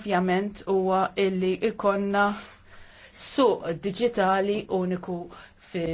ovvjament huwa illi ikonna suq digitali uniku fi